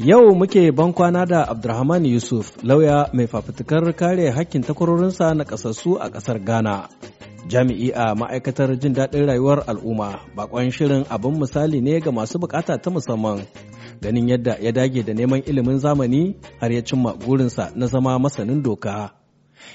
Yau muke bankwana da Abdulrahman Yusuf, lauya mai fafutukar kare hakkin takwarorinsa na kasassu a ƙasar Ghana. Jami'i a ma'aikatar jin daɗin rayuwar al'umma, bakon shirin abin misali ne ga masu bukata ta musamman. Ganin yadda ya dage da neman ilimin zamani har ya cimma gurinsa na zama masanin doka.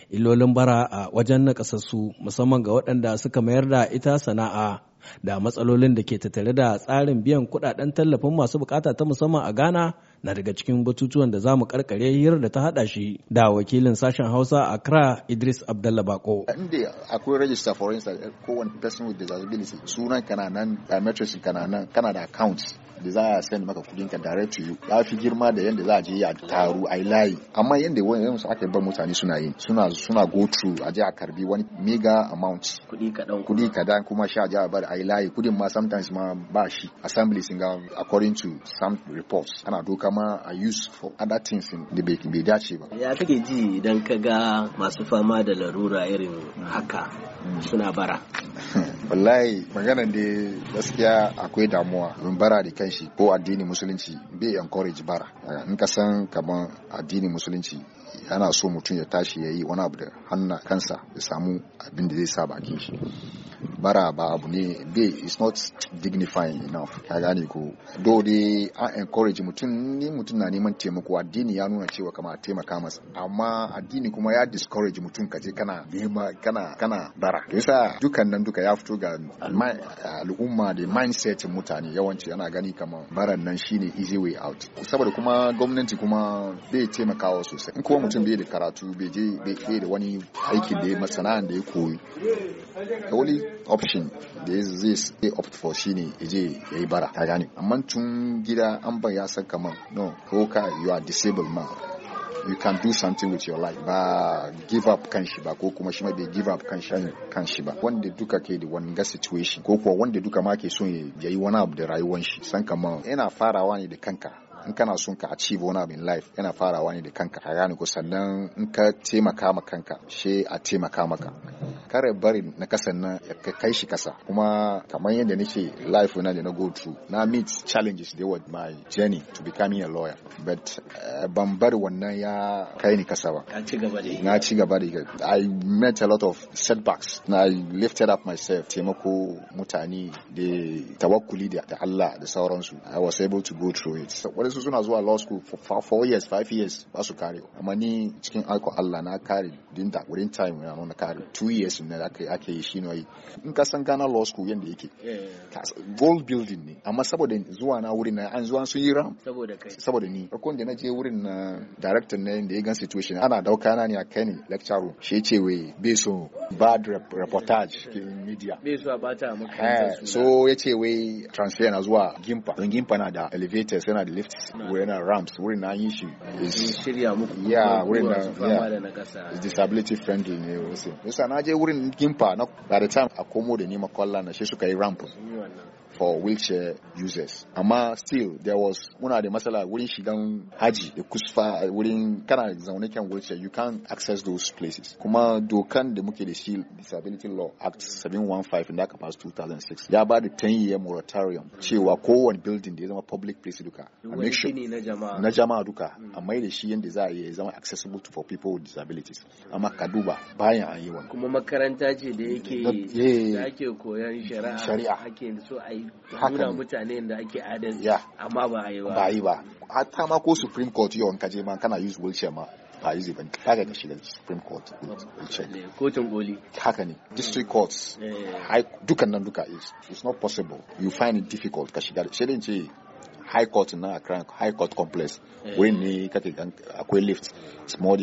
Illolin bara a wajen na nakasassu musamman ga waɗanda suka mayar da ita sana'a da matsalolin da ke tattare da tsarin biyan kuɗaɗen tallafin masu bukata ta musamman a Ghana na daga cikin batutuwan da za mu karkare hirar da ta hada shi da wakilin sashen Hausa a Accra Idris Abdalla Bako. Inda akwai register for instance kowane person with disability sunan kana nan biometrics kana nan kana da account da za a send maka kudin ka direct to you ya fi girma da yanda za a je a taru a layi amma yanda wayan su aka bar mutane suna yi suna suna go through a je a karbi wani mega amount kudi kadan kudi kadan kuma sha je a bar a layi kudin ma sometimes ma ba shi assembly singa according to some reports ana doka dama a use for other things da bai dace ba ya kake ji idan ka ga masu fama da larura irin mm. haka mm. suna bara wallahi magana da gaskiya akwai damuwa don bara da kanshi ko addini musulunci bai encourage bara eh, in ka san kamar addini musulunci Yan'a so mutum ya tashi ya yi wani abu da hannu kansa ya samu abin da zai sa bakin shi bara ba abu ne bai is not dignifying enough ka gane ko do dai an encourage mutum ni mutum na neman taimako addini ya nuna cewa kama a taimaka masa amma addini kuma ya discourage mutum kaje kana nema kana kana bara yasa dukan nan duka ya fito ga al'umma da mindset mutane yawanci yana gani kama baran nan shine easy way out saboda kuma gwamnati kuma bai taimakawa sosai in kuma mutum bai da karatu bai je bai da wani aikin da ya masana'an da ya koyi the only option da ya zai opt for shi ne, ya je ya yi bara ta gani amma tun gida an ba ya san man no ko ka you are disabled man you can do something with your life ba give up kan shi ba ko kuma shi ma bai give up kan shi ba wanda duka ke da wanga situation ko kuwa wanda duka ma ke son ya yi wani abu da rayuwan shi san kama yana farawa ne da kanka in kana son ka achieve wani abin life yana farawa ne da kanka ka gane ko sannan in ka taimaka ma kanka she a taimaka maka kare barin na kasan na ka kai shi kasa kuma kamar yadda nake life na da na go through na meet challenges da yawa my journey to becoming a lawyer but eh, ban bar wannan ya kai ni kasa ba na ci gaba da I met a lot of setbacks Na I lifted up myself taimako mutane da tawakkuli da Allah da sauransu I was able to go through it wadansu suna zuwa law school for four years five years ba su kare amma ni cikin alko Allah na kare din da wurin time na kare two years building na aka ake yi shi ne in ka san gana Law School yanda yake gold building ne amma saboda zuwa na wurin na an zuwa sun yi ram saboda kai saboda ni farkon da na je wurin na director na yanda ya gan situation ana dauka na ne a kai ne lecture room shi ce wai be so bad reportage in media be so bata maka eh, so yace wai transfer na zuwa Gimpa don Gimpa na da elevators yana da lifts wurin na ramps wurin na yi shi shirya muku ya wurin na disability friendly ne wasu na je wurin gimfa na da time a komo da ni makwalla na shi suka yi rampin for wheelchair users amma still there was muna da matsala wurin shigan haji da kusfa wurin kana zaune kan wheelchair you can't access those places kuma dokan da muke da shi disability law act 715 in that capacity 2006 ya ba da 10 year moratorium cewa kowane building da ya zama public place duka make sure na jama'a duka amma da shi yadda za a yi zama accessible to for people with disabilities amma ka duba bayan an yi wani kuma makaranta ce da yake da eh. ake koyon shari'a ake so a yi yi nuna mutane da ake adalci amma ba a yi ba ba yi ba hatta ma ko supreme court yau in ka ma kana use wheelchair ma ba yi ban kare ka shiga supreme court wheelchair eh, kotun koli haka ne district eh. courts eh. dukan nan duka is it's not possible you find it difficult ka shiga sai dai ce high court na accra high court complex wurin ne kake akwai lift small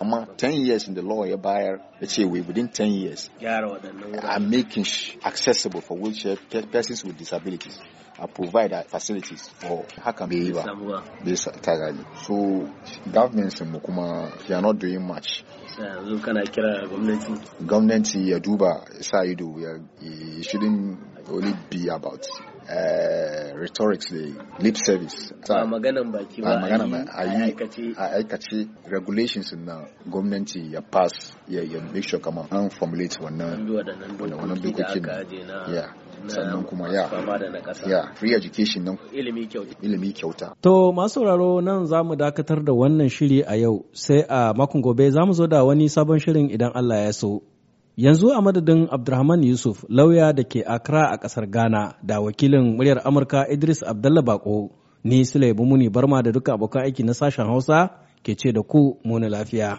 amma 10 years in the law ya bayar ya ce we within 10 years gyara waɗannan are making accessible for wheelchair persons with disabilities a provide facilities for haka bai yi ba bai tagali so governments mu kuma they are not doing much yanzu kana kira gwamnati gwamnati ya duba sa ido ya shouldn't only be about Eh, rhetorics da lip service ba maganan baki ba a aikace regulations na gwamnati ya pass ya make sure kamar an formulate wannan wannan dokokin ya sannan kuma ya ya free education nan ilimi kyauta to masu sauraro nan za mu dakatar da wannan shiri a yau sai a makon gobe za mu zo da wani sabon shirin idan Allah ya so Yanzu a madadin Abdulrahman Yusuf lauya da ke Accra a ƙasar Ghana da wakilin muryar Amurka Idris Abdalla Bako ni Sulaibu Muni Barma da duka abokan aiki na sashen Hausa ke ce da ku muna lafiya.